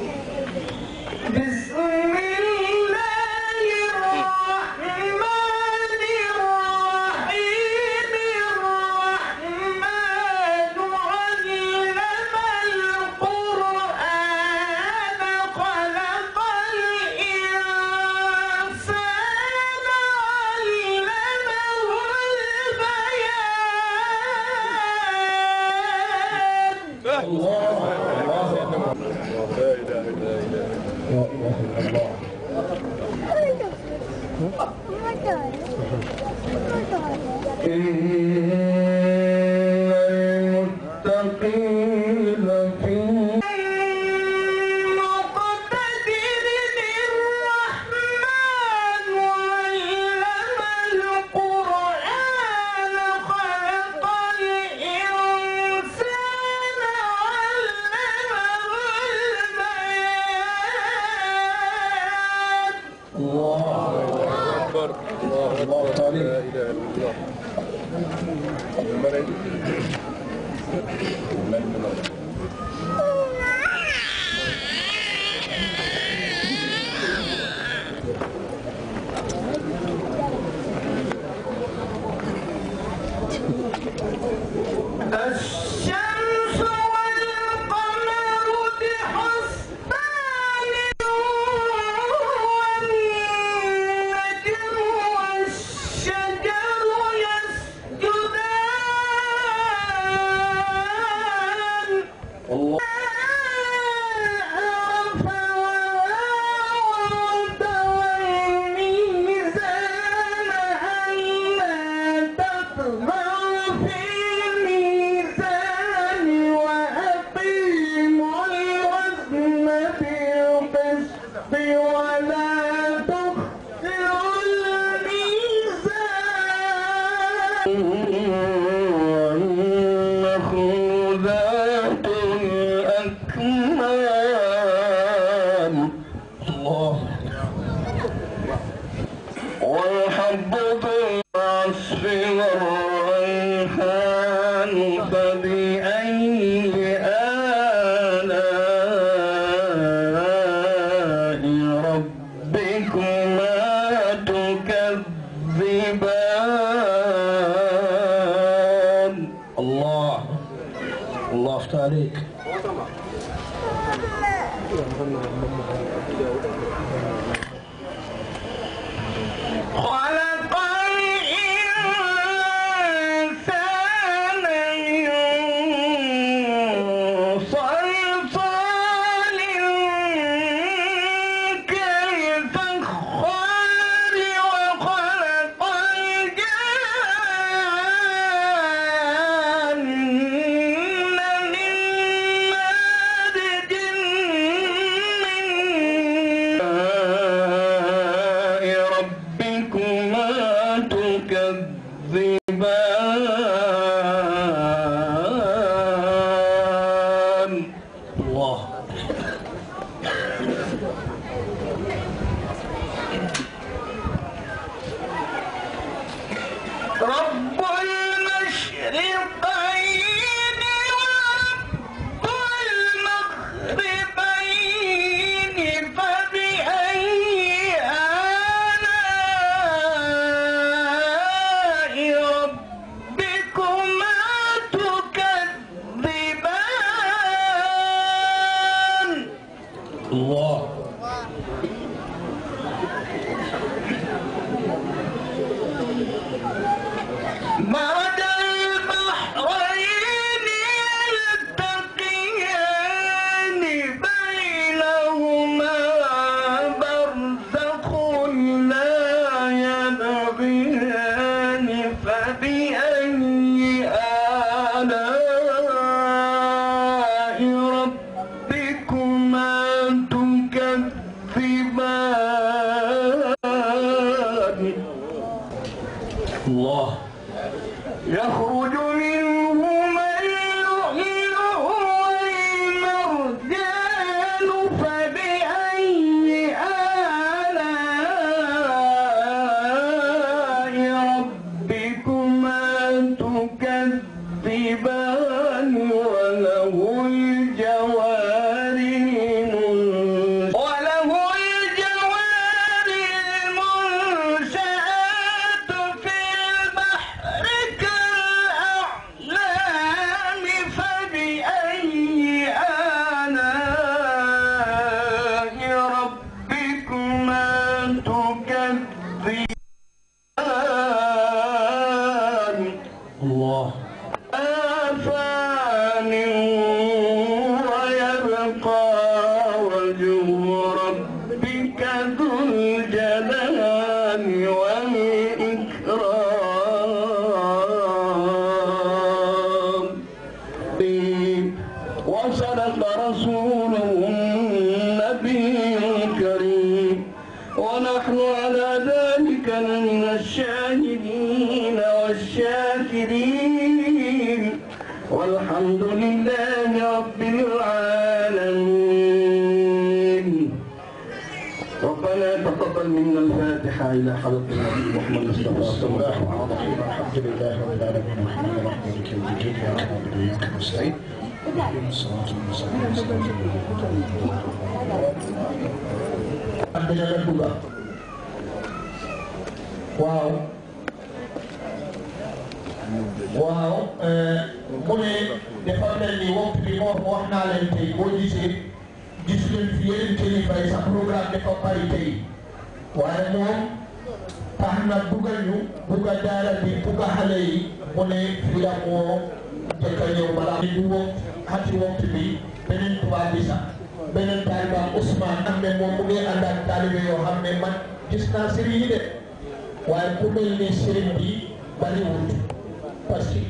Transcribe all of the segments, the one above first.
Yes. えー O né? médico Oh, hơn là mùng một Bye. law. يخرج من الجود والإكرام وصدق رسوله النبي الكريم ونحن على ذلك الشاهدين والشاكرين والحمد لله رب العالمين من الفاتحة إلى حضرة النبي محمد مصطفى صلى الله عليه وسلم الحمد لله رب العالمين الرحمن الرحيم محمد waaw waaw mu ne dafa mel ni waxtu bi moo waaye moom tax na ñu bugg a daara bi bugg a xale ne fii la moo jëkk bi beneen tubaab bi beneen taalibaam Ousmane am ne moom mu ak taalibe yoo xam ne man naa sëriñ de waaye ku mel ni sëriñ bi bariwul parce que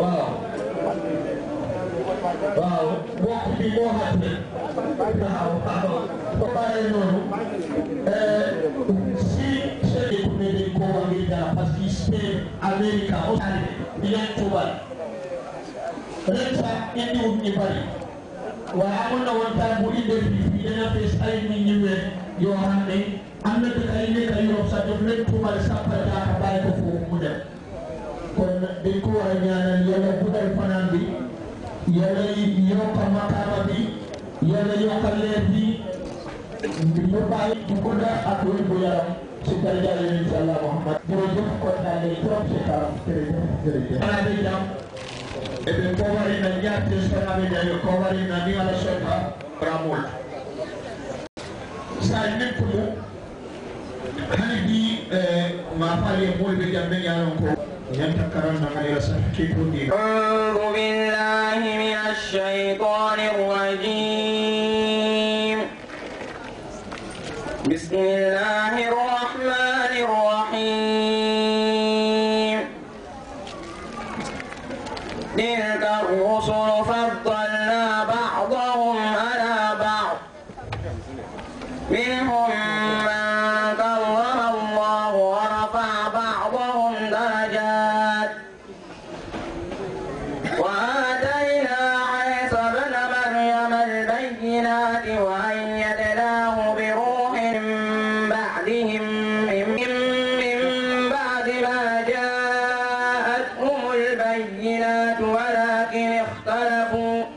waaw waaw bi moo xam ne ba pare noonu euh, si seen ne dañ koo war ngir dara parce que Spain Amérique Australie di leen tuubal ren wut ñu bari waaye amoon na woon taal fii fii dana fees ay nit ñu weex yoo xam am na dëkk ay nekk ay Europe sax daf leen tuubal sàppal daaka bàyyi ko foofu mu dem kon dañ ko war a ñaanal fanaan bi yàlla yokk makaama bi yàlla yokk leer bi ñu bàyyi bu gudd ak wér bu yaram ci daraja yi incha allah Muhammad jërëjëf kontaan nañ trop ci karam jërëjëf jërëjëf maanaam jam eɓe kowarina ñartesanaɓe jaɓe kowarina ni ala sota ramol sa nekku mu hani bi ma faali e molɓe jamɓe ñalon ko ñanta karannangaɗera safi ketoɗi أعوذ بالله من الشيطان الرجيم بسم الله 带不。